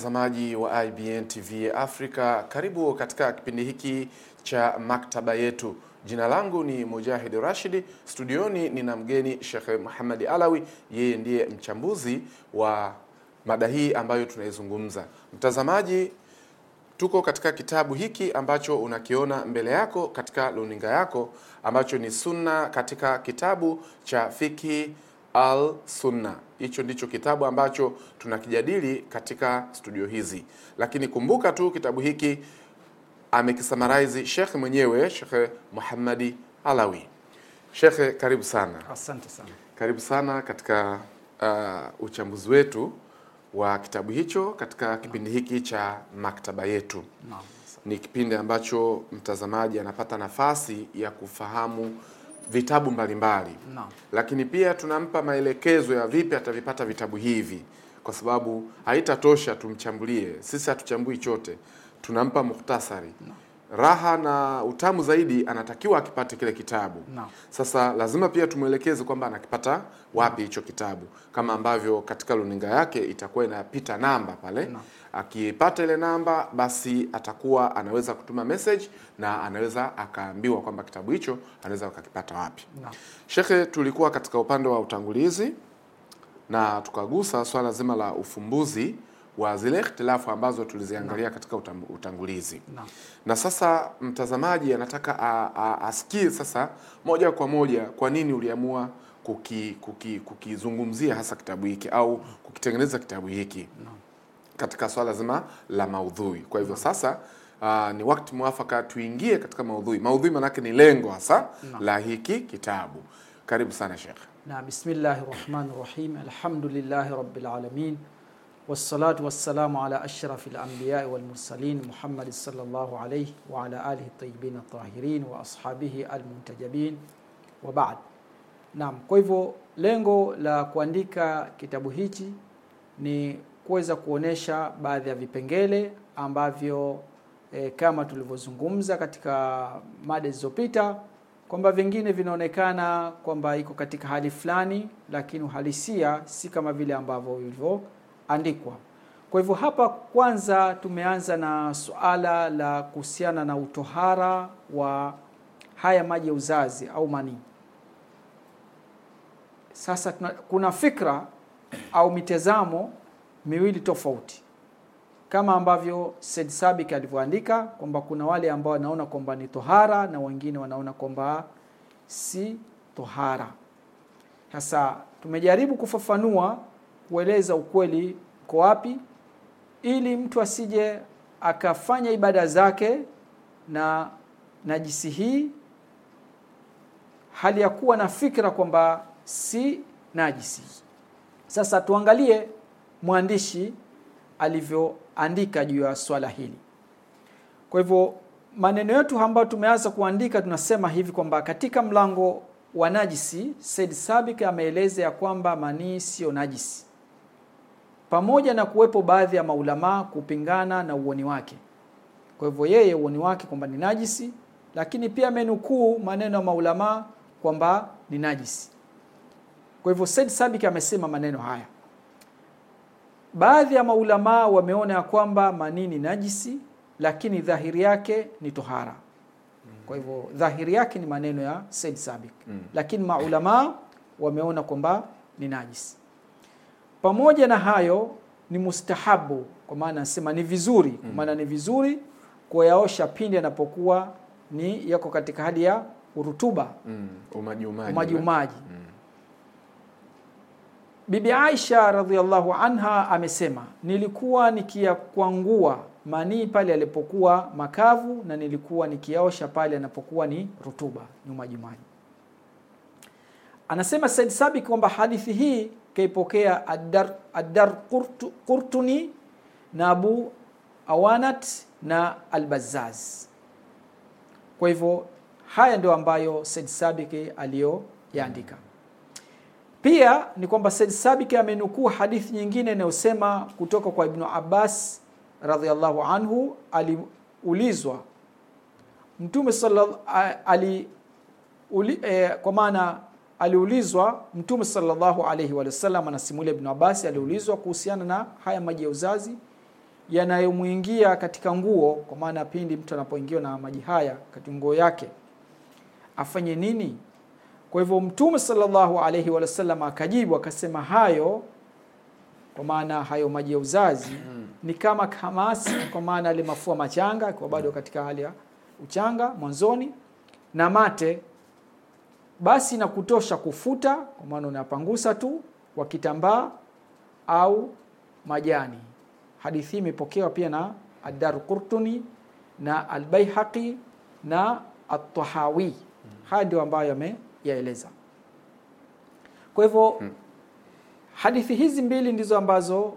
mtazamaji wa IBN TV Africa, karibu katika kipindi hiki cha maktaba yetu. Jina langu ni Mujahid Rashid, studioni nina mgeni Sheikh Muhammad Alawi, yeye ndiye mchambuzi wa mada hii ambayo tunaizungumza. Mtazamaji, tuko katika kitabu hiki ambacho unakiona mbele yako katika luninga yako ambacho ni sunna katika kitabu cha fikhi Al Sunna. Hicho ndicho kitabu ambacho tunakijadili katika studio hizi, lakini kumbuka tu kitabu hiki amekisamarize shekhe mwenyewe shekhe Muhammadi Alawi. shekhe karibu sana. Asante sana. Karibu sana katika uh, uchambuzi wetu wa kitabu hicho katika kipindi hiki cha maktaba yetu. Naam. Ni kipindi ambacho mtazamaji anapata nafasi ya kufahamu vitabu mbalimbali no. Lakini pia tunampa maelekezo ya vipi atavipata vitabu hivi, kwa sababu haitatosha tumchambulie. Sisi hatuchambui chote, tunampa muhtasari no. Raha na utamu zaidi anatakiwa akipate kile kitabu no. Sasa lazima pia tumwelekeze kwamba anakipata wapi hicho kitabu, kama ambavyo katika luninga yake itakuwa inapita namba pale no. Akipata ile namba, basi atakuwa anaweza kutuma message na anaweza akaambiwa kwamba kitabu hicho anaweza akakipata wapi. No. Shekhe, tulikuwa katika upande wa utangulizi na tukagusa swala zima la ufumbuzi wa zile ikhtilafu ambazo tuliziangalia no. katika utangulizi no. na sasa mtazamaji anataka asikie sasa moja kwa moja kwa nini uliamua kukizungumzia kuki, kuki hasa kitabu hiki au kukitengeneza kitabu hiki no katika swala zima la maudhui. Kwa hivyo sasa Uh, ni wakati mwafaka tuingie katika maudhui. Maudhui manake ni lengo hasa la hiki kitabu. Karibu sana Sheikh. Na bismillahir rahmanir rahim. Alhamdulillahi rabbil alamin. Wassalatu wassalamu ala ashrafil anbiyai wal mursalin Muhammad sallallahu alayhi wa ala alihi tayyibin tahirin wa ashabihi al-muntajabin wa ba'd. Naam, kwa hivyo lengo la kuandika kitabu hichi ni kuweza kuonesha baadhi ya vipengele ambavyo e, kama tulivyozungumza katika mada zilizopita kwamba vingine vinaonekana kwamba iko katika hali fulani, lakini uhalisia si kama vile ambavyo vilivyoandikwa. Kwa hivyo hapa kwanza tumeanza na suala la kuhusiana na utohara wa haya maji ya uzazi au manii. Sasa tuna, kuna fikra au mitazamo miwili tofauti, kama ambavyo Said Sabik alivyoandika kwamba kuna wale ambao wanaona kwamba ni tohara na wengine wanaona kwamba si tohara. Sasa tumejaribu kufafanua, kueleza ukweli uko wapi, ili mtu asije akafanya ibada zake na najisi hii hali ya kuwa na fikra kwamba si najisi. Sasa tuangalie mwandishi alivyoandika juu ya swala hili. Kwa hivyo maneno yetu ambayo tumeanza kuandika tunasema hivi kwamba katika mlango wa najisi, Said Sabik ameeleza ya kwamba manii siyo najisi, pamoja na kuwepo baadhi ya maulamaa kupingana na uoni wake. Kwa hivyo yeye uoni wake kwamba ni najisi, lakini pia amenukuu maneno ya maulamaa kwamba ni najisi. Kwa hivyo Said Sabik amesema maneno haya Baadhi ya maulamaa wameona ya kwamba manii ni najisi, lakini dhahiri yake ni tohara. Kwa hivyo dhahiri yake ni maneno ya Said Sabik mm. Lakini maulamaa wameona kwamba ni najisi. Pamoja na hayo, ni mustahabu, kwa maana anasema ni vizuri, kwa mm. maana ni vizuri kuyaosha pindi yanapokuwa ni yako katika hali ya urutuba mm. umaji umaji, umaji. Mm. Bibi Aisha radhiallahu anha amesema, nilikuwa nikiyakwangua manii pale alipokuwa makavu na nilikuwa nikiaosha pale anapokuwa ni rutuba, nyuma jumani. Anasema Said Sabi kwamba hadithi hii kaipokea Addar, Adar Qurtuni na Abu Awanat na Albazaz. Kwa hivyo haya ndio ambayo Said Sabiki aliyoyaandika. Pia ni kwamba Said Sabiki amenukuu hadithi nyingine inayosema kutoka kwa Ibnu Abbas radhiallahu anhu, aliulizwa Mtume ali, uli, eh, kwa maana aliulizwa Mtume sallallahu alaihi wa sallam, anasimulia Ibnu Abbas aliulizwa kuhusiana na haya maji ya uzazi yanayomwingia katika nguo, kwa maana pindi mtu anapoingiwa na maji haya katika nguo yake afanye nini? Kwa hivyo Mtume sallallahu alaihi wasallam akajibu akasema, hayo kwa maana hayo maji ya uzazi mm. ni kama kamasi, kwa maana alimafua mafua machanga akiwa bado mm. katika hali ya uchanga mwanzoni, na mate, basi na kutosha kufuta, kwa maana unapangusa tu kwa kitambaa au majani. Hadithi hii imepokewa pia na Adar Qurtuni na albaihaqi na Atahawi. Mm. Haya ndio ambayo yame yaeleza. Kwa hivyo hmm, hadithi hizi mbili ndizo ambazo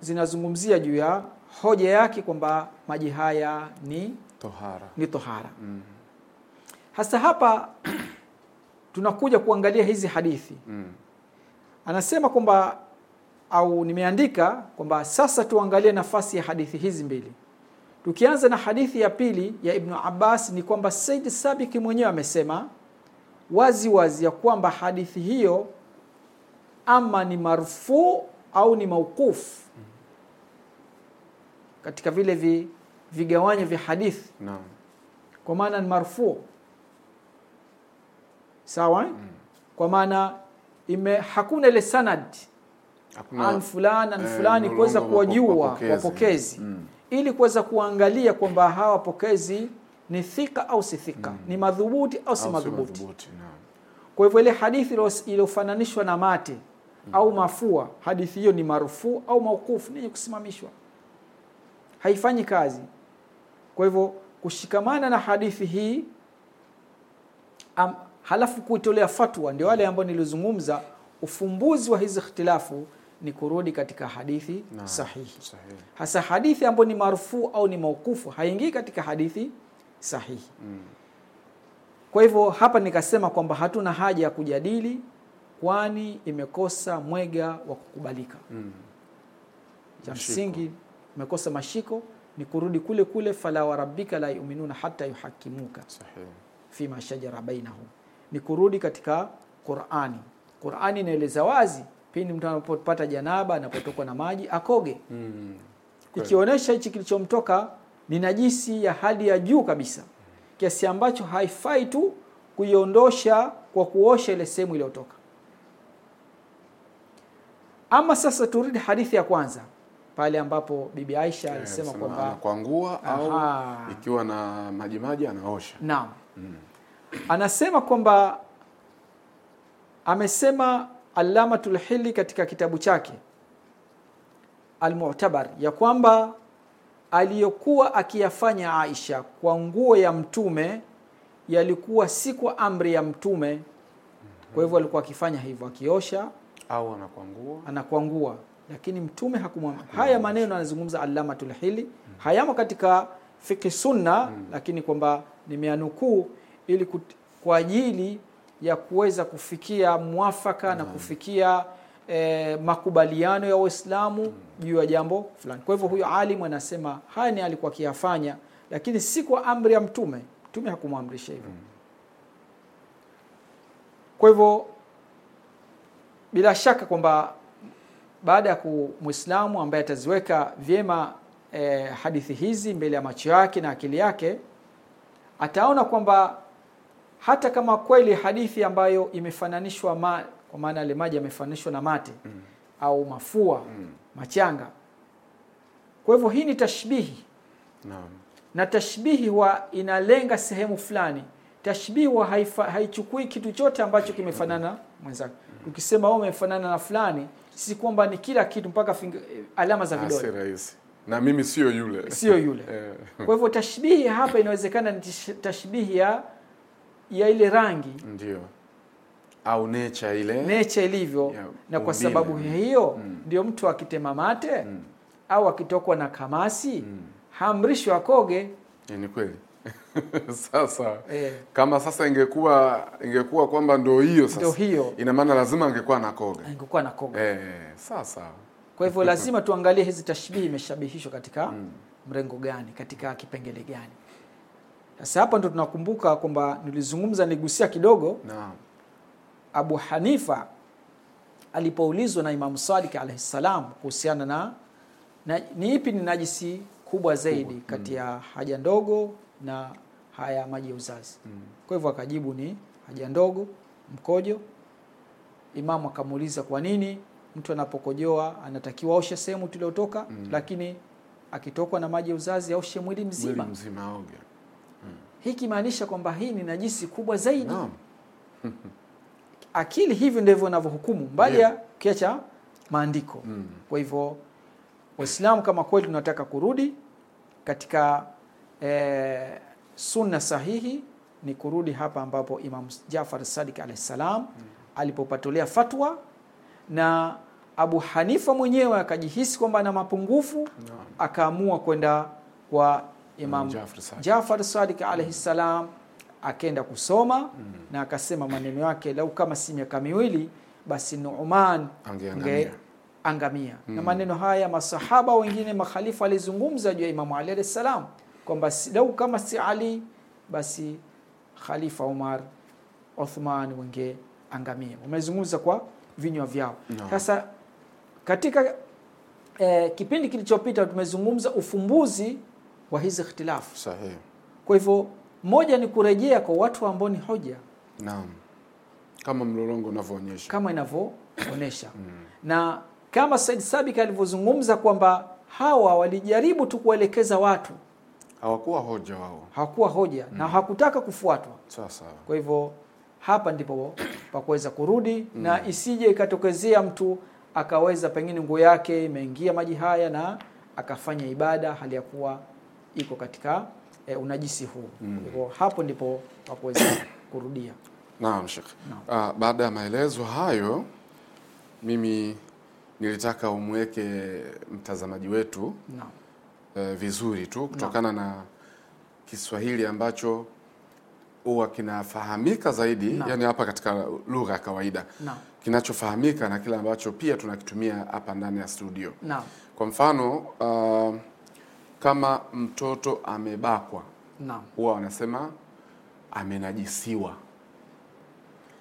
zinazungumzia juu ya hoja yake kwamba maji haya ni tohara, ni tohara. Hmm. Hasa hapa tunakuja kuangalia hizi hadithi hmm. Anasema kwamba au nimeandika kwamba sasa tuangalie nafasi ya hadithi hizi mbili. Tukianza na hadithi ya pili ya Ibnu Abbas ni kwamba Said Sabiki mwenyewe amesema wazi wazi ya kwamba hadithi hiyo ama ni marfuu au ni maukufu katika vile vi, vigawanyo vya hadithi no. kwa maana ni marfuu sawa mm. kwa maana ime hakuna ile sanad an eh, fulani an fulani eh, kuweza kuwajua wapokezi, wapokezi. Mm. ili kuweza kuangalia kwamba hawa wapokezi ni thika au si thika mm. ni madhubuti au si madhubuti kwa hivyo ile hadithi iliyofananishwa na mate mm. au mafua hadithi hiyo ni marufuu au maukufu ni kusimamishwa haifanyi kazi kwa hivyo kushikamana na hadithi hii am, halafu kuitolea fatwa ndio wale ambao nilizungumza ufumbuzi wa hizi ikhtilafu ni kurudi katika hadithi nah, sahihi. sahihi hasa hadithi ambayo ni marufuu au ni maukufu haingii katika hadithi sahihi mm. Kwa hivyo hapa nikasema kwamba hatuna haja ya kujadili, kwani imekosa mwega wa kukubalika mm. Cha msingi imekosa mashiko, ni kurudi kule kule, fala warabbika la yuminuna hata yuhakimuka fi fima shajara bainahum, ni kurudi katika Qur'ani. Qur'ani inaeleza wazi pindi mtu anapopata janaba, anapotokwa na maji akoge mm. Ikionyesha hichi kilichomtoka ni najisi ya hali ya juu kabisa, kiasi ambacho haifai tu kuiondosha kwa kuosha ile sehemu iliyotoka. Ama sasa turudi hadithi ya kwanza pale ambapo Bibi Aisha eh, alisema kwamba anakwangua au ikiwa na maji maji anaosha. Naam. Mm. Anasema kwamba amesema Allamatul Hili katika kitabu chake Almu'tabar ya kwamba aliyokuwa akiyafanya Aisha kwa nguo ya mtume yalikuwa si kwa amri ya mtume. Kwa hivyo alikuwa akifanya hivyo, akiosha au anakwangua, anakwangua, lakini mtume hakumwamuru. Haya maneno anazungumza Allama Tulhili, hmm. hayamo katika fiqh sunna hmm. Lakini kwamba nimeanukuu ili kwa ajili ya kuweza kufikia mwafaka hmm. na kufikia e, makubaliano ya Waislamu juu ya jambo fulani. Kwa hivyo huyo alimu anasema haya ni alikuwa akiyafanya, lakini si kwa amri ya Mtume. Mtume hakumwamrisha hivyo. Kwa hivyo bila shaka kwamba baada ya kumwislamu ambaye ataziweka vyema e, hadithi hizi mbele ya macho yake na akili yake ataona kwamba hata kama kweli hadithi ambayo imefananishwa kwa maana yale maji yamefananishwa na mate mm. au mafua mm. machanga. Kwa hivyo hii ni tashbihi no. na tashbihi huwa inalenga sehemu fulani. Tashbihi huwa haichukui kitu chote ambacho kimefanana mwenzake mm. ukisema wewe umefanana na fulani, si kwamba ni kila kitu mpaka finger, eh, alama za ah, vidole na mimi sio yule, sio yule. Eh. Kwa hivyo tashbihi hapa inawezekana ni tashbihi ya ya ile rangi ndio au necha ile necha ilivyo yeah, na kwa umbile. sababu mm. hiyo mm. ndio mtu akitema mate mm. au akitokwa na kamasi mm. hamrishwi akoge. Eh, ni kweli sasa yeah. kama sasa ingekuwa ingekuwa kwamba ndio hiyo sasa, ndio hiyo, ina maana lazima angekuwa nakoga, angekuwa nakoga eh, sasa kwa hivyo lazima tuangalie hizi tashbihi imeshabihishwa katika mm. mrengo gani, katika kipengele gani. Sasa hapa ndo tunakumbuka kwamba nilizungumza, nigusia kidogo Naam Abu Hanifa alipoulizwa na imamu sadiki alaihi salam kuhusiana na, na ni ipi ni najisi kubwa zaidi kati mm. ya haja ndogo na haya maji ya uzazi. Mm. Kwa hivyo akajibu ni haja ndogo, mkojo. Imamu akamuuliza kwa nini mtu anapokojoa anatakiwa aoshe sehemu tuliotoka, mm. lakini akitokwa na maji ya uzazi aoshe mwili mzima, mwili mzima Mm. Hii kimaanisha kwamba hii ni najisi kubwa zaidi. no. akili hivi ndivyo inavyohukumu mbali ya yeah. ukiacha maandiko mm. kwa hivyo waislamu kama kweli tunataka kurudi katika e, sunna sahihi ni kurudi hapa ambapo imam jafar sadik alahi salam mm. alipopatolea fatwa na abu hanifa mwenyewe akajihisi kwamba ana mapungufu no. akaamua kwenda kwa imam jafar sadik, sadik salam mm akenda kusoma mm. na akasema maneno yake, lau kama si miaka miwili basi Numan angamia mm. na maneno haya masahaba wengine makhalifa alizungumza juu ya Imamu Ali alayhi ssalam kwamba lau kama si Ali basi Khalifa Umar Uthman wenge angamia. Wamezungumza kwa vinywa vyao sasa no. katika eh, kipindi kilichopita tumezungumza ufumbuzi wa hizi ikhtilafu sahihi. Kwa hivyo moja ni kurejea kwa watu ambao ni hoja. Naam. Kama mlolongo unavyoonyesha. Kama inavyoonyesha. mm. Na kama Said Sabik alivyozungumza kwamba hawa walijaribu tu kuelekeza watu, hawakuwa hoja wao, hawakuwa hoja mm. na hakutaka kufuatwa. Sasa kwa hivyo hapa ndipo pa kuweza kurudi mm. na isije ikatokezea mtu akaweza pengine nguo yake imeingia maji haya na akafanya ibada hali ya kuwa iko katika e, unajisi huu mm. Kwa hapo ndipo wakuweza kurudia. Naam Sheikh. Naam. Ah, baada ya maelezo hayo mimi nilitaka umweke mtazamaji wetu Naam. Uh, vizuri tu kutokana Naam. na Kiswahili ambacho huwa kinafahamika zaidi Naam. yani hapa katika lugha ya kawaida Naam. kinachofahamika na kile ambacho pia tunakitumia hapa ndani ya studio Naam. kwa mfano uh, kama mtoto amebakwa naam, huwa wanasema amenajisiwa.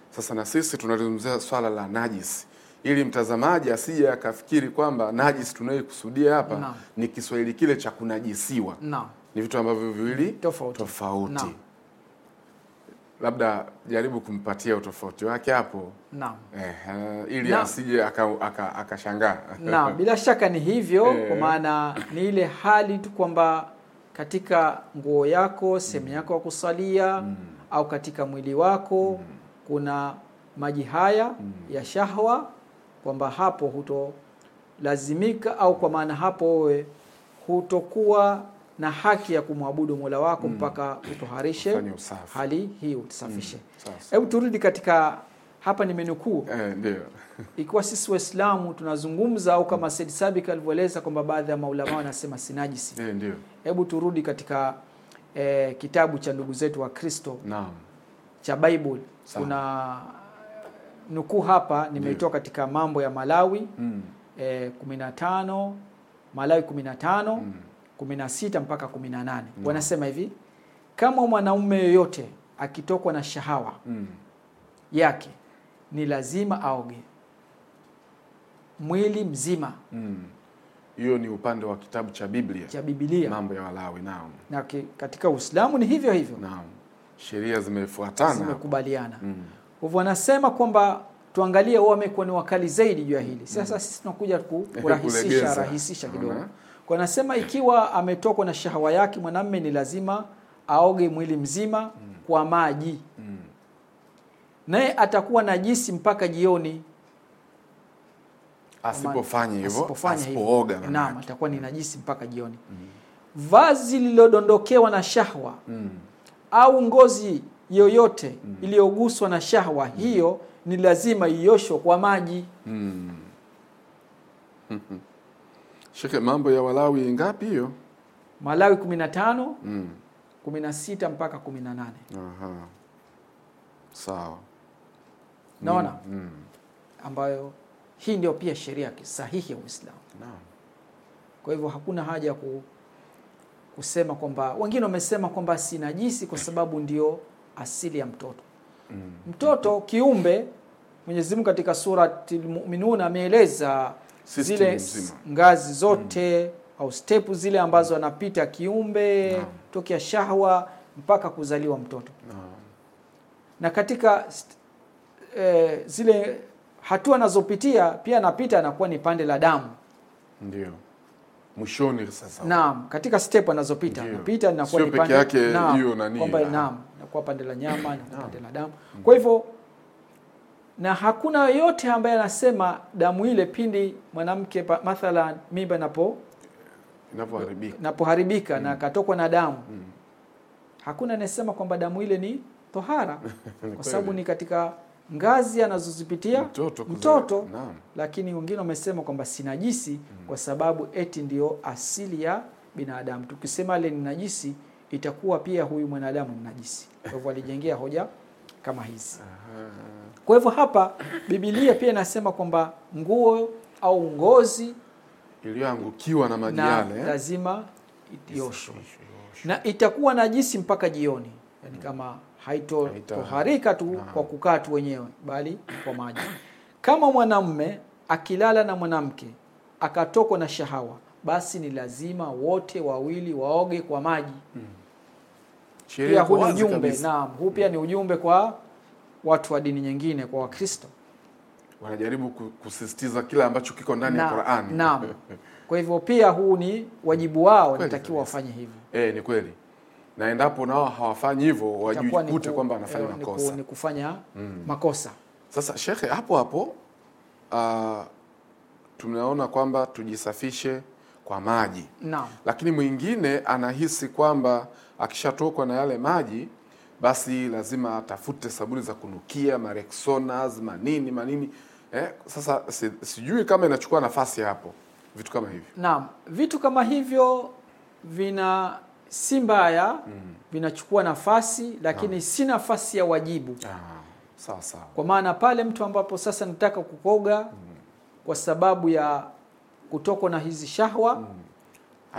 Sasa na sisi tunalizungumzia swala la najisi ili mtazamaji asije akafikiri kwamba najisi tunayokusudia hapa na, ni Kiswahili kile cha kunajisiwa ni vitu ambavyo viwili tofauti, tofauti labda jaribu kumpatia utofauti wake hapo. Eh, uh, ili asije akashangaa aka, aka bila shaka ni hivyo eh. Kwa maana ni ile hali tu kwamba katika nguo yako sehemu mm. yako ya kusalia mm. au katika mwili wako mm. kuna maji haya mm. ya shahwa, kwamba hapo hutolazimika au kwa maana hapo wewe hutokuwa na haki ya kumwabudu Mola wako mm. mpaka utoharishe hali hii, utusafishe. Mm, Hebu turudi katika hapa nimenukuu eh, ikiwa sisi Waislamu tunazungumza au kama Said Sabik alivyoeleza kwamba baadhi ya maulama wanasema si najisi. Eh, Hebu eh, turudi katika eh, kitabu cha ndugu zetu wa Kristo cha Bible kuna nukuu hapa nimeitoa katika mambo ya Malawi mm. eh, 15 Malawi 15 mm. 16 mpaka 18 mm. wanasema hivi kama mwanaume yoyote akitokwa na shahawa mm. yake ni lazima aoge mwili mzima mm. hiyo mm. ni upande wa kitabu cha Biblia cha Biblia mambo ya Walawi na katika Uislamu ni hivyo hivyo naam sheria zimefuatana zimekubaliana mm. wanasema kwamba tuangalie wao wamekuwa ni wakali zaidi juu ya hili sasa mm. sisi tunakuja kurahisisha rahisisha kidogo Wanasema ikiwa ametokwa na shahawa yake mwanamme ni lazima aoge mwili mzima mm. kwa maji mm. naye atakuwa najisi mpaka jioni asipofanya hivyo, asipooga, naam, atakuwa ni najisi mpaka jioni mm. vazi lililodondokewa na shahwa mm. au ngozi yoyote mm. iliyoguswa na shahwa mm. hiyo ni lazima ioshwe kwa maji mm. Shekhe, mambo ya Walawi ngapi hiyo? Malawi 15 mm. 16 mpaka 18. Aha. Sawa. Naona mm. mm. ambayo hii ndio pia sheria sahihi ya Uislamu. Kwa hivyo hakuna haja ya ku, kusema kwamba wengine wamesema kwamba si najisi kwa sababu ndio asili ya mtoto mm. Mtoto kiumbe Mwenyezi Mungu katika surati Al-Mu'minun ameeleza System zile mzima. ngazi zote mm. au step zile ambazo anapita kiumbe no. Hmm. tokea shahwa mpaka kuzaliwa mtoto no. Hmm. na katika e, zile hatua anazopitia pia anapita anakuwa ni pande la damu ndio mwishoni sasa. Naam, katika step anazopita anapita anakuwa ni pande yake hiyo nani. naam, nakuwa pande la nyama na pande la damu. Hmm. Kwa hivyo na hakuna yoyote ambaye anasema damu ile pindi mwanamke mathalan mimba napo mm. na akatokwa na damu mm. hakuna anayesema kwamba damu ile ni tohara kwa sababu ni katika ngazi anazozipitia mtoto, mtoto lakini wengine wamesema kwamba si najisi mm. kwa sababu eti ndio asili ya binadamu. Tukisema ile ni najisi, itakuwa pia huyu mwanadamu ni najisi. Kwa hivyo alijengea hoja kama hizi. Aha. Kwa hivyo hapa Biblia pia inasema kwamba nguo au ngozi iliyoangukiwa na maji yale eh, lazima itioshwe na itakuwa najisi mpaka jioni, yani mm. kama haitotoharika tu na kwa kukaa tu wenyewe, bali kwa maji. Kama mwanamme akilala na mwanamke akatokwa na shahawa, basi ni lazima wote wawili waoge kwa maji. Hmm. Pia huu ni ujumbe, naam, huu pia mm. ni ujumbe kwa watu wa dini nyingine, kwa Wakristo wanajaribu kusisitiza kile ambacho kiko ndani ya Qur'an. Naam. Kwa hivyo pia huu ni wajibu wao, natakiwa wafanye hivyo. Eh, ni kweli na endapo nao hawafanyi hivyo wajikute kwamba anafanya eh, makosa, ni kufanya mm. makosa. Sasa shekhe, hapo hapo uh, tunaona kwamba tujisafishe kwa maji. Naam. Lakini mwingine anahisi kwamba akishatokwa na yale maji basi lazima atafute sabuni za kunukia, mareksonas, manini manini eh. Sasa si, sijui kama inachukua nafasi hapo vitu kama hivyo. Naam, vitu kama hivyo vina si mbaya mm. vinachukua nafasi lakini Naam. si nafasi ya wajibu. Ah, sawa sawa. Kwa maana pale mtu ambapo sasa nataka kukoga mm. kwa sababu ya kutokwa na hizi shahwa mm.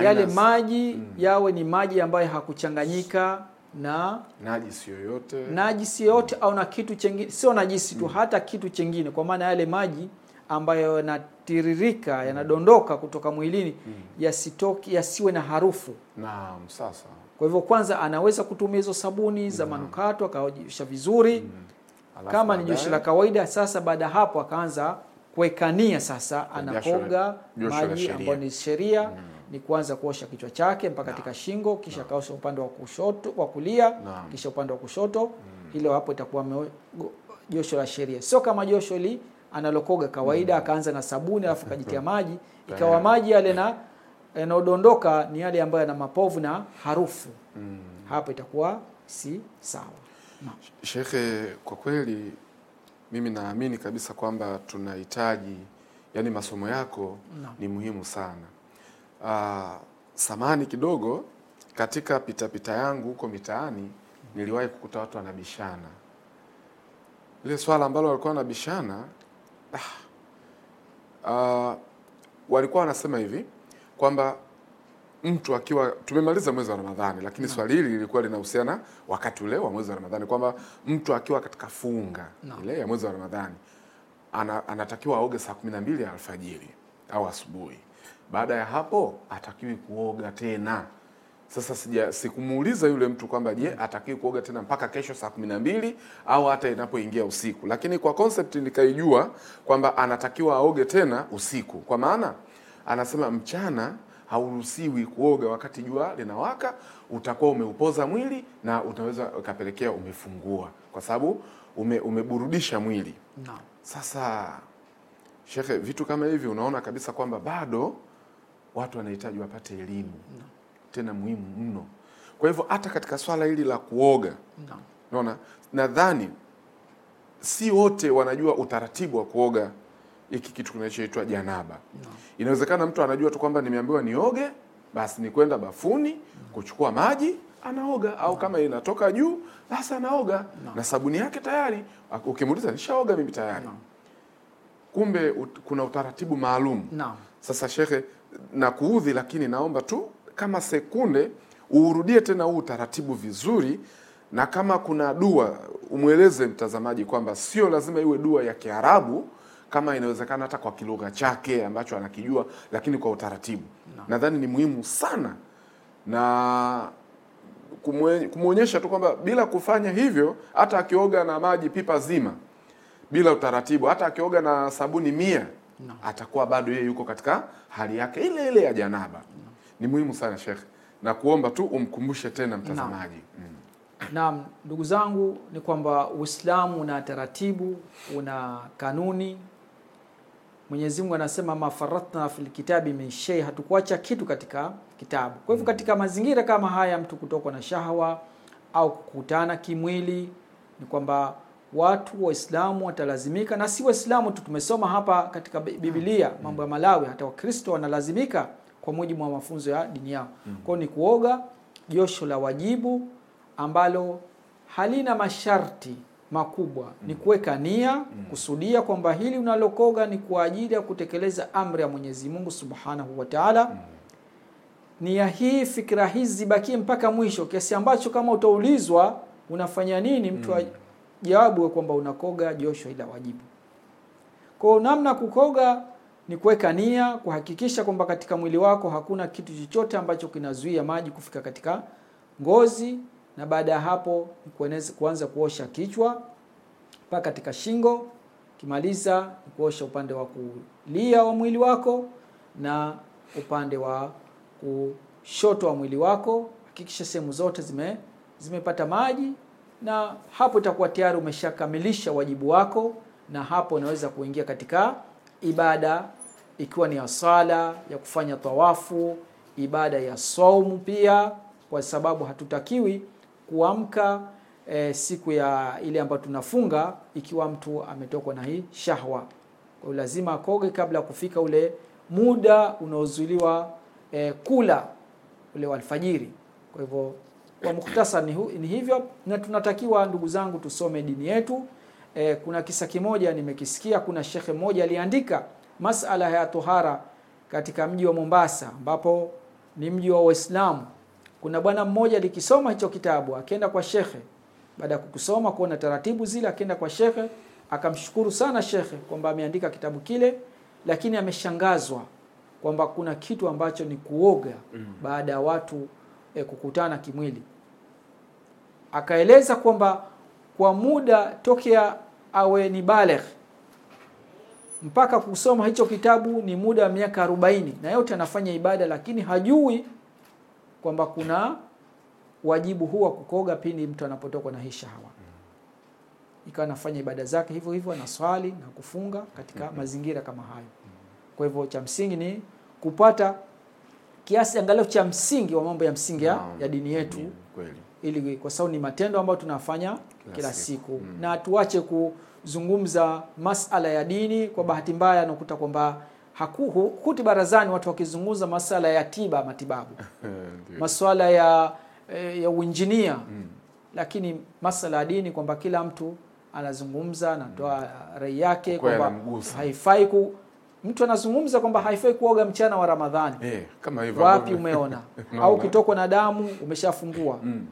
yale maji mm. yawe ni maji ambayo hakuchanganyika na najisi yoyote, najisi yoyote au na kitu chengine, sio najisi tu, mm. hata kitu chengine, kwa maana yale maji ambayo yanatiririka mm. yanadondoka kutoka mwilini mm. yasitoki, yasiwe na harufu. Naam, sasa kwa hivyo kwanza anaweza kutumia hizo sabuni za manukato akaosha vizuri mm. kama ni joshi la kawaida. Sasa baada ya hapo akaanza kuwekania sasa, anapoga maji ambayo ni sheria mm ni kuanza kuosha kichwa chake mpaka katika shingo kisha kaosha upande wa kushoto wa kulia no. kisha upande wa kushoto mm. hilo hapo itakuwa josho la sheria, sio kama josho li analokoga kawaida mm. akaanza na sabuni alafu akajitia maji ikawa maji yale na yanayodondoka eh, ni yale ambayo yana mapovu na harufu mm. hapo itakuwa si sawa Shekhe, kwa kweli mimi naamini kabisa kwamba tunahitaji yani masomo yako na. ni muhimu sana Uh, samani kidogo, katika pitapita -pita yangu huko mitaani niliwahi kukuta watu wanabishana ile swala ambalo walikuwa wanabishana ah, uh, walikuwa wanasema hivi kwamba mtu akiwa tumemaliza mwezi wa Ramadhani, lakini no. swali hili lilikuwa linahusiana wakati ule wa mwezi wa Ramadhani kwamba mtu akiwa katika funga no. ile ya mwezi wa Ramadhani ana, anatakiwa aoge saa kumi na mbili ya alfajiri au asubuhi baada ya hapo atakiwi kuoga tena. Sasa sija sikumuuliza yule mtu kwamba je, atakiwi kuoga tena mpaka kesho saa kumi na mbili au hata inapoingia usiku, lakini kwa concept nikaijua kwamba anatakiwa aoge tena usiku, kwa maana anasema mchana hauruhusiwi kuoga wakati jua linawaka, utakuwa umeupoza mwili na unaweza ukapelekea umefungua, kwa sababu ume, umeburudisha mwili no. Sasa shekhe, vitu kama hivi unaona kabisa kwamba bado watu wanahitaji wapate elimu no. tena muhimu mno. Kwa hivyo hata katika swala hili la kuoga no. naona nadhani si wote wanajua utaratibu wa kuoga hiki kitu kinachoitwa janaba no. Inawezekana mtu anajua tu kwamba nimeambiwa nioge, basi ni kwenda bafuni kuchukua maji anaoga no. au kama inatoka juu basi anaoga no. na sabuni yake tayari. Ukimuuliza nishaoga mimi tayari no. Kumbe ut, kuna utaratibu maalum no. Sasa shekhe na kuudhi, lakini naomba tu kama sekunde uurudie tena huu utaratibu vizuri, na kama kuna dua umweleze mtazamaji kwamba sio lazima iwe dua ya Kiarabu, kama inawezekana hata kwa kilugha chake ambacho anakijua, lakini kwa utaratibu no. Nadhani ni muhimu sana na kumwonyesha tu kwamba bila kufanya hivyo, hata akioga na maji pipa zima bila utaratibu, hata akioga na sabuni mia no. atakuwa bado yeye yuko katika hali yake ile ile ya janaba no. Ni muhimu sana shekhe, na kuomba tu umkumbushe tena mtazamaji mm. naam. Mm. Ndugu zangu, ni kwamba Uislamu una taratibu, una kanuni. Mwenyezi Mungu anasema mafaratna fil kitabi min shay, hatukuacha kitu katika kitabu. Kwa hivyo mm. katika mazingira kama haya, mtu kutokwa na shahawa au kukutana kimwili, ni kwamba watu waislamu watalazimika na si waislamu tu tumesoma hapa katika bibilia mm. mambo ya malawi hata wakristo wanalazimika kwa mujibu wa mafunzo ya dini yao mm. kwao ni kuoga josho la wajibu ambalo halina masharti makubwa mm. ni kuweka nia mm. kusudia kwamba hili unalokoga ni kwa ajili ya kutekeleza amri ya mwenyezi mungu subhanahu wataala mm. nia hii fikira hizi zibakie mpaka mwisho kiasi ambacho kama utaulizwa unafanya nini mtu mm jawabu ya kwamba unakoga josho ila wajibu. Kwa namna kukoga ni kuweka nia, kuhakikisha kwamba katika mwili wako hakuna kitu chochote ambacho kinazuia maji kufika katika ngozi, na baada ya hapo kuanza kuosha kichwa mpaka katika shingo, kimaliza kuosha upande wa kulia wa mwili wako na upande wa kushoto wa mwili wako. Hakikisha sehemu zote zime zimepata maji na hapo itakuwa tayari umeshakamilisha wajibu wako, na hapo unaweza kuingia katika ibada, ikiwa ni ya sala, ya kufanya tawafu, ibada ya saumu pia, kwa sababu hatutakiwi kuamka e, siku ya ile ambayo tunafunga ikiwa mtu ametokwa na hii shahwa. Kwa hiyo lazima akoge kabla ya kufika ule muda unaozuiliwa e, kula ule wa alfajiri. Kwa hivyo kwa mukhtasar ni, ni hivyo, na tunatakiwa ndugu zangu tusome dini yetu. E, kuna kisa kimoja nimekisikia, kuna shekhe mmoja aliandika masala ya tohara katika mji wa Mombasa, ambapo ni mji wa uislamu Kuna bwana mmoja alikisoma hicho kitabu, akaenda kwa shekhe. Baada ya kukisoma, kuona taratibu zile, akaenda kwa shekhe, akamshukuru sana shekhe kwamba ameandika kitabu kile, lakini ameshangazwa kwamba kuna kitu ambacho ni kuoga mm. baada ya watu e, kukutana kimwili. Akaeleza kwamba kwa muda tokea awe ni baligh mpaka kusoma hicho kitabu ni muda wa miaka 40, na yote anafanya ibada, lakini hajui kwamba kuna wajibu huu wa kukoga pindi mtu anapotokwa na hii shahawa. Ikawa anafanya ibada zake hivyo hivyo, anaswali na kufunga katika mm-hmm. mazingira kama hayo. Kwa hivyo cha msingi ni kupata kiasi angalau cha msingi wa mambo ya msingi ya, ya dini yetu ili kwa sababu ni matendo ambayo tunafanya kila siku mm. na tuache kuzungumza masala ya dini. Kwa bahati mbaya nakuta kwamba hakuti barazani watu wakizungumza masala ya tiba, matibabu masuala ya, eh, ya uinjinia mm. lakini masala ya dini kwamba kila mtu anazungumza, anatoa mm. rai yake kwamba haifai ku mtu anazungumza kwamba haifai kuoga mchana wa Ramadhani eh, kama hivyo wapi umeona au kitoko na damu umeshafungua mm.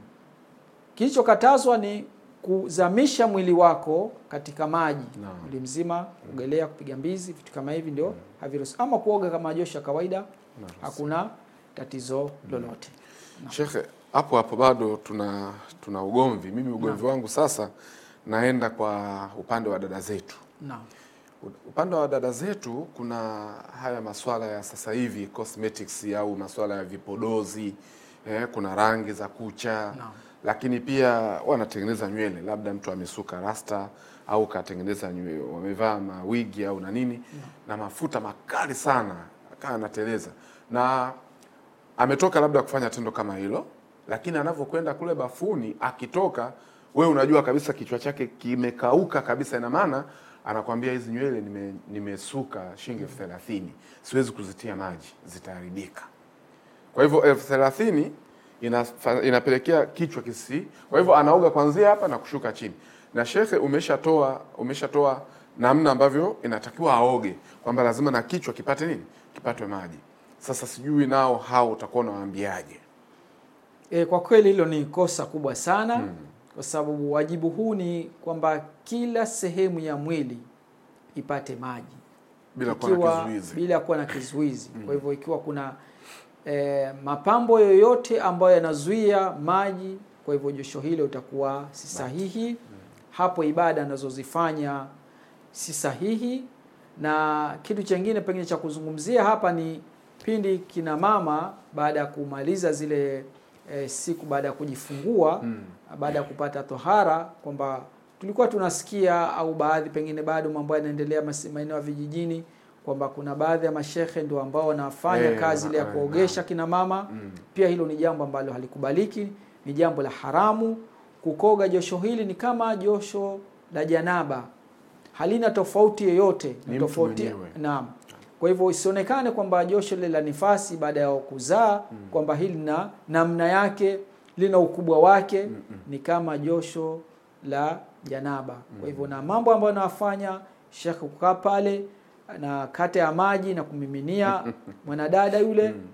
Kilichokatazwa ni kuzamisha mwili wako katika maji no. Mwili mzima kuogelea, kupiga mbizi, vitu kama hivi ndio mm. haviruhusi, ama kuoga kama josho ya kawaida no, hakuna tatizo mm. lolote mm. no. Shekhe, hapo hapo bado tuna tuna ugomvi. Mimi ugomvi no. wangu sasa naenda kwa upande wa dada zetu no. Upande wa dada zetu kuna haya maswala ya sasa hivi cosmetics au maswala ya vipodozi eh, kuna rangi za kucha no. Lakini pia wanatengeneza nywele, labda mtu amesuka rasta au katengeneza nywele, wamevaa mawigi au na nini no. na mafuta makali sana akawa anateleza na ametoka labda kufanya tendo kama hilo, lakini anavyokwenda kule bafuni akitoka, we unajua kabisa kichwa chake kimekauka kabisa, ina maana anakwambia hizi nywele nime, nimesuka shilingi elfu thelathini siwezi kuzitia maji zitaharibika. Kwa hivyo elfu thelathini ina, inapelekea kichwa kisi. Kwa hivyo anaoga kuanzia hapa na kushuka chini, na shekhe, umeshatoa umeshatoa namna ambavyo inatakiwa aoge, kwamba lazima na kichwa kipate nini, kipatwe maji. Sasa sijui nao hao utakuwa unawaambiaje? E, kwa kweli hilo ni kosa kubwa sana hmm kwa sababu wajibu huu ni kwamba kila sehemu ya mwili ipate maji bila ikiwa, kuwa na kizuizi, bila kuwa na kizuizi. Mm. Kwa hivyo ikiwa kuna e, mapambo yoyote ambayo yanazuia maji, kwa hivyo josho hilo utakuwa si sahihi, mm. hapo ibada anazozifanya si sahihi. Na kitu chengine pengine cha kuzungumzia hapa ni pindi kina mama baada ya kumaliza zile e, siku baada ya kujifungua mm. baada ya kupata tohara kwamba tulikuwa tunasikia au baadhi pengine bado mambo yanaendelea maeneo ya vijijini kwamba kuna baadhi ya mashehe ndio ambao wanafanya hey, eh, kazi ile ya eh, kuogesha kina mama mm. Pia hilo ni jambo ambalo halikubaliki, ni jambo la haramu. Kukoga josho hili ni kama josho la janaba, halina tofauti yoyote, ni tofauti. Naam, kwa hivyo isionekane kwamba josho lile la nifasi baada ya kuzaa mm. kwamba hili na namna yake lina ukubwa wake mm -mm. ni kama josho la janaba mm -mm. Kwa hivyo na mambo ambayo anafanya Sheikh kukaa pale na kata ya maji na kumiminia mwanadada yule mm.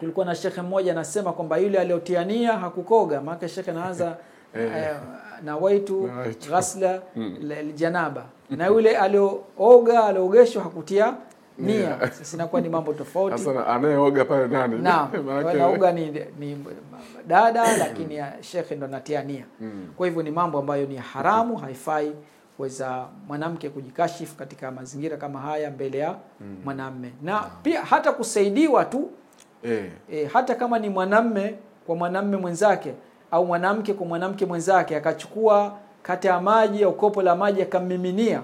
Kulikuwa na shekhe mmoja anasema kwamba yule aliotiania hakukoga, maana shekhe anaanza eh. Eh, na waitu ghasla mm. janaba, na yule aliooga aliogeshwa hakutia mia yeah. Sinakuwa ni mambo tofauti. Sasa anayeoga pale nani? Naam, anaoga ni, ni dada hmm. lakini shekhe ndo anatia nia mm. Kwa hivyo ni mambo ambayo ni haramu, haifai kuweza mwanamke kujikashifu katika mazingira kama haya mbele ya mm. mwanamme na Pia hata kusaidiwa tu eh. Eh, hata kama ni mwanamme kwa mwanamme mwenzake au mwanamke kwa mwanamke mwenzake akachukua kata ya maji au kopo la maji akammiminia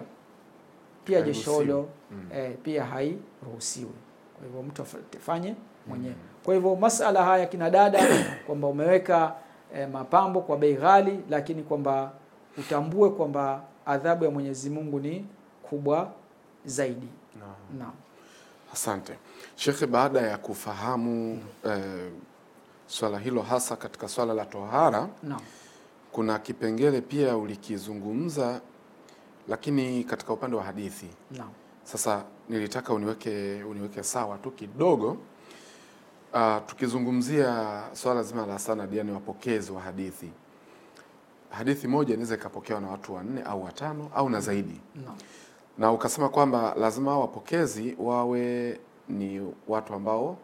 pia jesholo mm. eh, pia hairuhusiwi. Kwa hivyo mtu afanye mwenyewe. Mm. Kwa hivyo masala haya kina dada, kwamba umeweka eh, mapambo kwa bei ghali, lakini kwamba utambue kwamba adhabu ya Mwenyezi Mungu ni kubwa zaidi. Naam. Naam. Asante Shekhe, baada ya kufahamu eh, swala hilo hasa katika swala la tohara, naam, kuna kipengele pia ulikizungumza lakini katika upande wa hadithi no. Sasa nilitaka uniweke, uniweke sawa tu kidogo uh, tukizungumzia swala zima la sanad, yani wapokezi wa hadithi. Hadithi moja inaweza ikapokewa na watu wanne au watano au na zaidi no. Na ukasema kwamba lazima wapokezi wawe ni watu ambao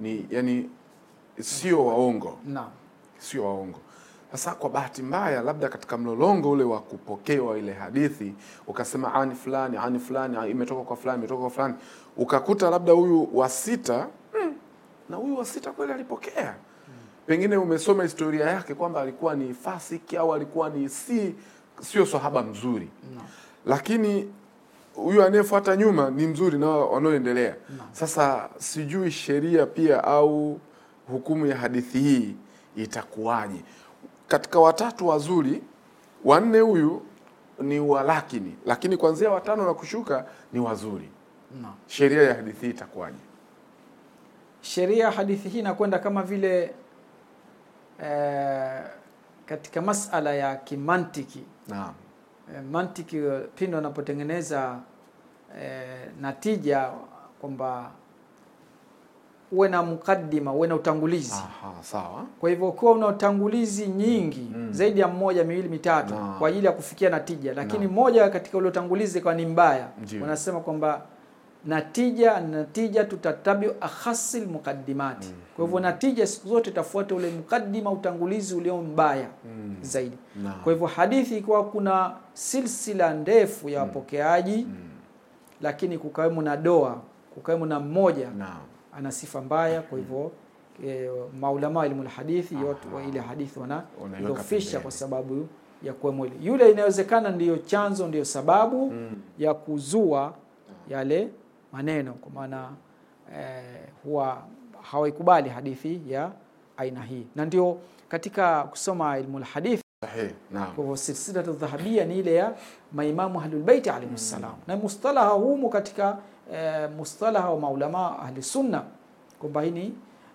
ni yani sio waongo no. Sio waongo sasa kwa bahati mbaya, labda katika mlolongo ule wa kupokewa ile hadithi, ukasema ani ah, fulani ani ah, fulani ah, imetoka kwa fulani imetoka kwa fulani, ukakuta labda huyu wa sita mm, na huyu wa sita kweli alipokea mm. Pengine umesoma historia yake kwamba alikuwa ni fasiki au alikuwa ni si sio sahaba mzuri no. Lakini huyu anayefuata nyuma ni mzuri na wanaoendelea no. Sasa sijui sheria pia au hukumu ya hadithi hii itakuwaje? katika watatu wazuri, wanne huyu ni walakini, lakini kuanzia watano na kushuka ni wazuri no. Sheria ya hadithi hii itakuwaje? Sheria ya hadithi hii inakwenda kama vile eh, katika masala ya kimantiki no. Eh, mantiki eh, pindi wanapotengeneza eh, natija kwamba uwe na mukaddima, uwe na utangulizi. Aha, sawa. Kwa hivyo ukiwa una utangulizi nyingi mm, mm. zaidi ya mmoja, miwili, mitatu no. kwa ajili ya kufikia natija, lakini no. moja katika ule utangulizi kwa ni mbaya, wanasema kwamba natija natija tutatabi ahasil mukadimati mm. kwa hivyo mm. natija siku zote tafuata ule mukaddima, utangulizi ulio mbaya mm. zaidi no. kwa hivyo hadithi ikiwa kuna silsila ndefu ya mm. wapokeaji mm. lakini kukawemo na doa, kukawemu na mmoja ana sifa mbaya. Kwa hivyo e, maulama wa elimu hadithi yote wa ile hadithi wanadhofisha kwa sababu ya kuwemo yule, inawezekana ndiyo chanzo, ndiyo sababu mm. ya kuzua yale maneno, kwa maana e, huwa hawaikubali hadithi ya aina hii, na ndio katika kusoma ilmu lhadithi silsilatu dhahabia ni ile ya maimamu ahlulbeiti mm. na mustalaha humu katika Eh, mustalaha wa maulama ahli sunna kwamba hii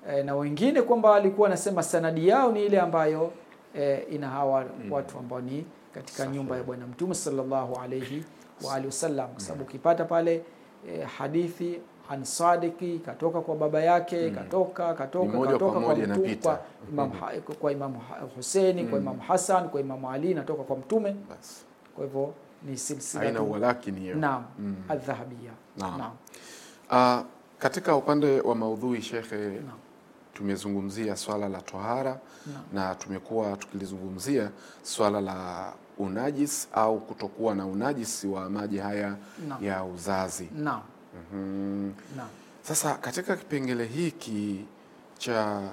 e, na wengine kwamba alikuwa anasema sanadi yao ni ile ambayo e, ina hawa mm. watu ambao ni katika Safi. nyumba ya Bwana Mtume sallallahu alaihi wa alihi wasallam, kwa sababu mm. ukipata pale e, hadithi an sadiki katoka kwa baba yake mm. katoka katoka katoka kwa mtume mm. kwa Imam kwa mm. Imam Husaini mm. kwa Imam hasan kwa Imam Ali natoka kwa mtume. Kwa hivyo ni silsila aina walakini hiyo. Naam, mm. adhahabia. Naam. Naam. Uh, katika upande wa maudhui shekhe, Naam. tumezungumzia swala la tohara Naam. na tumekuwa tukilizungumzia swala la unajis au kutokuwa na unajisi wa maji haya Naam. ya uzazi. Naam. Mm -hmm. Naam. Sasa katika kipengele hiki cha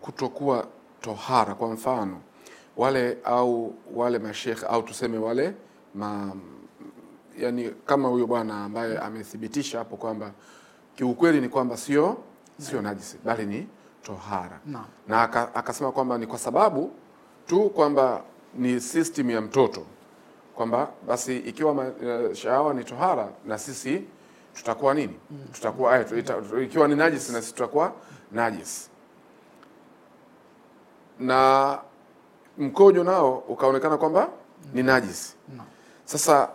kutokuwa tohara, kwa mfano wale au wale mashekhe au tuseme wale ma, yani kama huyo bwana ambaye amethibitisha hapo kwamba kiukweli ni kwamba sio sio najisi bali ni tohara na, na akasema kwamba ni kwa sababu tu kwamba ni system ya mtoto kwamba basi ikiwa ma, eh, shahawa ni tohara na sisi tutakuwa nini? Mm. Tutakuwa ayo, eh, tuta, ikiwa ni najisi na sisi tutakuwa najisi na mkojo nao ukaonekana kwamba ni najisi. Sasa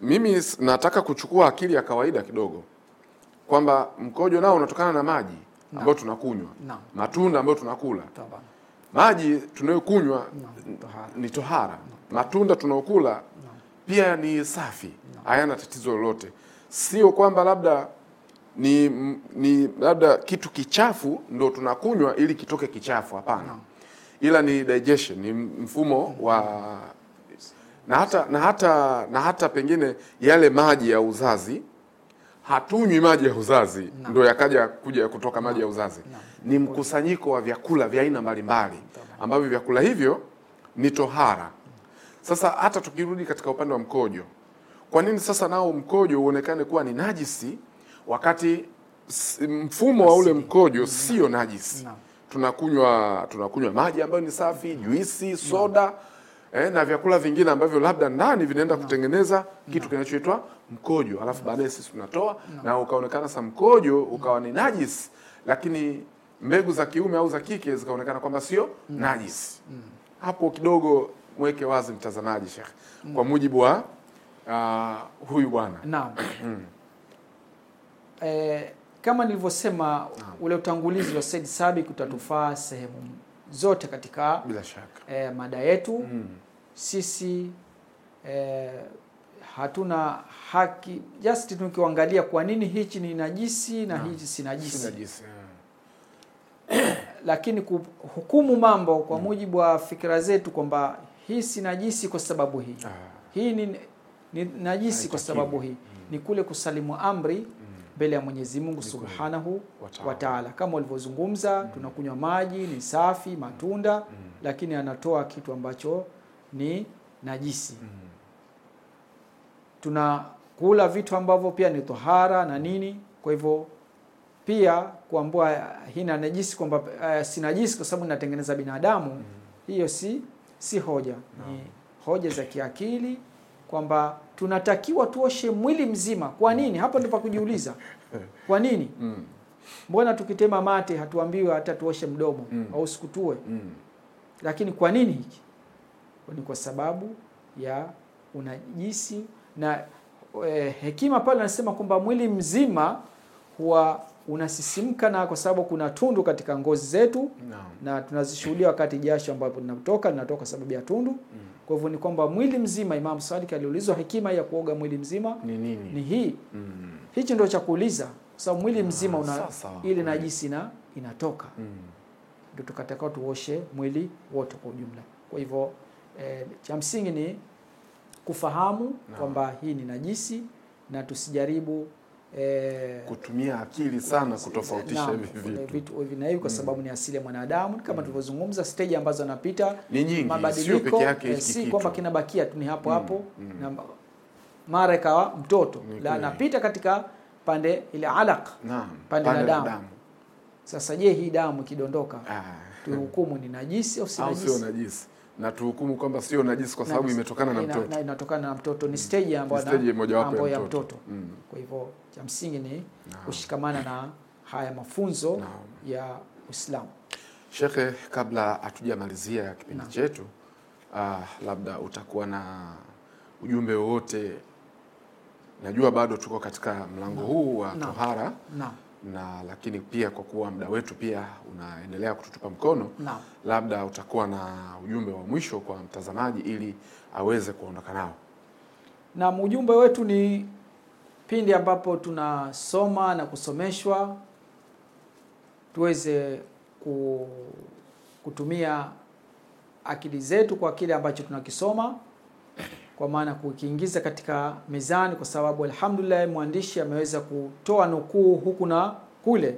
mimi nataka kuchukua akili ya kawaida kidogo kwamba mkojo nao unatokana na maji ambayo tunakunywa, matunda ambayo tunakula. Maji tunayokunywa ni tohara, matunda tunayokula pia ni safi, hayana tatizo lolote. Sio kwamba labda ni, ni labda kitu kichafu ndo tunakunywa ili kitoke kichafu, hapana ila ni digestion, ni mfumo wa na hata, na hata, na hata pengine yale maji ya uzazi hatunywi maji ya uzazi no. Ndo yakaja kuja kutoka maji ya uzazi no. Ni mkusanyiko wa vyakula vya aina mbalimbali ambavyo vyakula hivyo ni tohara. Sasa hata tukirudi katika upande wa mkojo, kwa nini sasa nao mkojo uonekane kuwa ni najisi wakati mfumo wa ule mkojo mm-hmm. sio najisi no tunakunywa tunakunywa maji ambayo ni safi, juisi, soda mm. eh, na vyakula vingine ambavyo labda ndani vinaenda no. Mm. kutengeneza mm. kitu no. kinachoitwa mkojo, alafu baadaye sisi tunatoa no. na ukaonekana sa mkojo ukawa ni najis, lakini mbegu za kiume au za kike zikaonekana kwamba sio mm. najis mm. hapo kidogo mweke wazi mtazamaji Sheikh mm. kwa mujibu wa uh, huyu bwana naam eh kama nilivyosema ule utangulizi wa Said Sabiq utatufaa sehemu zote katika bila shaka e, mada yetu mm. Sisi e, hatuna haki just tukiangalia kwa nini hichi ni najisi na no. hichi si najisi najisi. Lakini kuhukumu mambo kwa mm. mujibu wa fikira zetu kwamba hii si najisi kwa sababu hii ah. hii ni, ni najisi Aitakimu. kwa sababu hii mm. ni kule kusalimu amri mm mbele ya Mwenyezi Mungu Subhanahu wa Ta'ala. Kama ulivyozungumza mm. tunakunywa maji ni safi, matunda mm. lakini anatoa kitu ambacho ni najisi mm. tunakula vitu ambavyo pia ni tohara na nini, kwa hivyo pia kuambua hina najisi kwamba uh, si najisi kwa sababu natengeneza binadamu mm. hiyo si si hoja no. ni hoja za kiakili kwamba tunatakiwa tuoshe mwili mzima. Kwa nini? Hapo ndipo kujiuliza kwa nini mm. Mbona tukitema mate hatuambiwe hata tuoshe mdomo mm. au sikutue mm. Lakini kwa nini hiki? Ni kwa sababu ya unajisi na eh, hekima pale anasema kwamba mwili mzima huwa unasisimka na kwa sababu kuna tundu katika ngozi zetu no. na tunazishuhudia wakati jasho ambapo linatoka linatoka sababu ya tundu mm. Kwa hivyo ni kwamba mwili mzima, Imam sadik aliulizwa hekima ya kuoga mwili mzima ni nini? Ni hii mm. Hichi ndio cha kuuliza, kwa sababu mwili ah, mzima una ile mm. najisi na inatoka mm. Ndio tukatakao tuoshe mwili wote kwa ujumla. Kwa hivyo e, cha msingi ni kufahamu kwamba hii ni najisi na tusijaribu e, kutumia akili sana kutofautisha hivi vitu hivi na hivi, kwa mm. sababu ni asili ya mwanadamu kama mm. tulivyozungumza. Stage ambazo anapita ni nyingi, mabadiliko sio eh, si kwamba kinabakia tu ni hapo mm, hapo na mara ikawa mtoto la anapita katika pande ile alaq, pande la damu. Sasa je, hii damu ikidondoka ah. tuhukumu ni najisi au si najisi? na tuhukumu kwamba sio najisi kwa sababu imetokana na mtoto, inatokana na mtoto. Ni stage ambayo ya mtoto, kwa hivyo cha msingi ni kushikamana na haya mafunzo Naam. ya Uislamu. Shekhe, kabla hatujamalizia kipindi chetu, ah, labda utakuwa na ujumbe wowote? Najua bado tuko katika mlango huu wa Naam. tohara Naam na lakini pia kwa kuwa muda wetu pia unaendelea kututupa mkono na, labda utakuwa na ujumbe wa mwisho kwa mtazamaji ili aweze kuondoka nao. Na ujumbe wetu ni pindi ambapo tunasoma na kusomeshwa tuweze kutumia akili zetu kwa kile ambacho tunakisoma, kwa maana kukiingiza katika mezani kwa sababu alhamdulillah mwandishi ameweza kutoa nukuu huku na kule,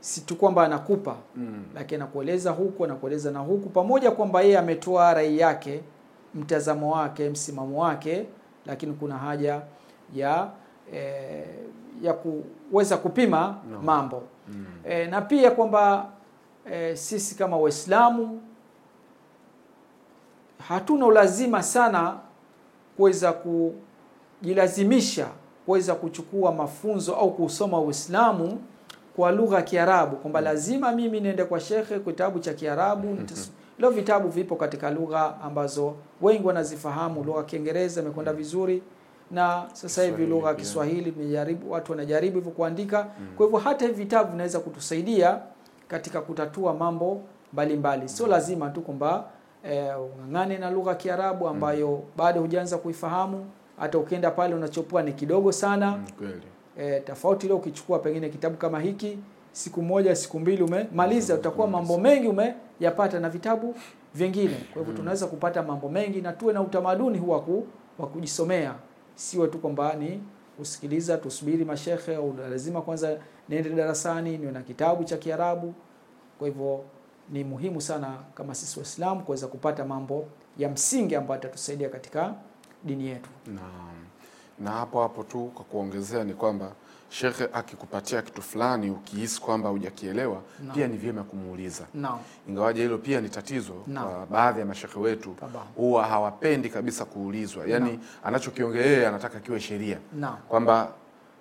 si tu kwamba anakupa mm, lakini anakueleza huku, anakueleza na huku, pamoja kwamba yeye ametoa rai yake, mtazamo wake, msimamo wake, lakini kuna haja ya e, ya kuweza kupima no. mambo mm. e, na pia kwamba e, sisi kama Waislamu hatuna ulazima sana kuweza kujilazimisha kuweza kuchukua mafunzo au kusoma Uislamu kwa lugha ya Kiarabu kwamba mm. lazima mimi niende kwa shekhe kitabu cha Kiarabu mm-hmm. Leo vitabu vipo katika lugha ambazo wengi wanazifahamu. Lugha ya Kiingereza imekwenda mm. vizuri na sasa hivi lugha ya Kiswahili tunajaribu, watu wanajaribu hivyo kuandika mm. Kwa hivyo hata hivi vitabu vinaweza kutusaidia katika kutatua mambo mbalimbali, mbali. sio mm. lazima tu kwamba eh, ung'ang'ane na lugha ya Kiarabu mm. ambayo mm. bado hujaanza kuifahamu. Hata ukienda pale unachopua ni kidogo sana mm, kweli. Eh, tofauti leo ukichukua pengine kitabu kama hiki siku moja siku mbili umemaliza, mm, utakuwa mambo mengi umeyapata na vitabu vingine. Kwa hivyo tunaweza kupata mambo mengi na tuwe na utamaduni huu wa kujisomea siwe tu kwamba ni kusikiliza tusubiri mashekhe au lazima kwanza niende darasani niwe na kitabu cha Kiarabu. Kwa hivyo ni muhimu sana kama sisi Waislamu kuweza kupata mambo ya msingi ambayo atatusaidia katika dini yetu. Naam. Na hapo hapo tu kwa kuongezea ni kwamba shekhe akikupatia kitu fulani ukihisi kwamba hujakielewa no. pia ni vyema kumuuliza no. ingawaje hilo pia ni tatizo uh, no. kwa baadhi ya mashekhe wetu huwa hawapendi kabisa kuulizwa, yaani no. anachokiongelea anataka kiwe sheria no. kwamba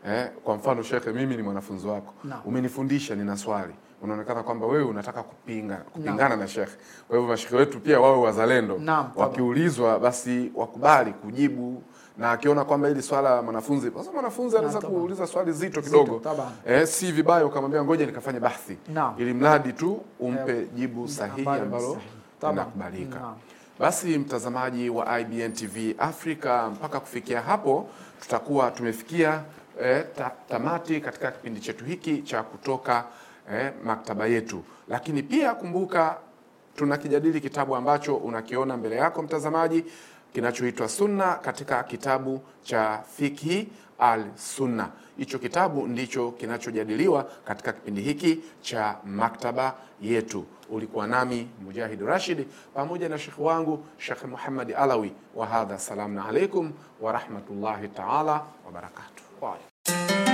eh, kwa mfano shekhe, mimi ni mwanafunzi wako no. umenifundisha, nina swali unaonekana kwamba wewe unataka kupinga kupingana no. na shekhe. Kwa hivyo mashekhe wetu pia wawe wazalendo no. wakiulizwa basi wakubali kujibu na akiona kwamba hili swala la mwanafunzi sasa, mwanafunzi anaweza kuuliza swali zito kidogo eh, si vibaya ukamwambia ngoja nikafanye bahthi, ili mradi tu umpe eh, jibu sahihi ambalo linakubalika. Basi mtazamaji wa IBN TV Africa, mpaka kufikia hapo tutakuwa tumefikia eh, ta, tamati katika kipindi chetu hiki cha kutoka eh, maktaba yetu, lakini pia kumbuka tunakijadili kitabu ambacho unakiona mbele yako mtazamaji kinachoitwa Sunna katika kitabu cha Fikhi al Sunna. Hicho kitabu ndicho kinachojadiliwa katika kipindi hiki cha maktaba yetu. Ulikuwa nami Mujahid Rashid pamoja na shekhe wangu Shekh Muhammad Alawi wa hadha. Assalamu alaikum warahmatullahi taala wabarakatuh.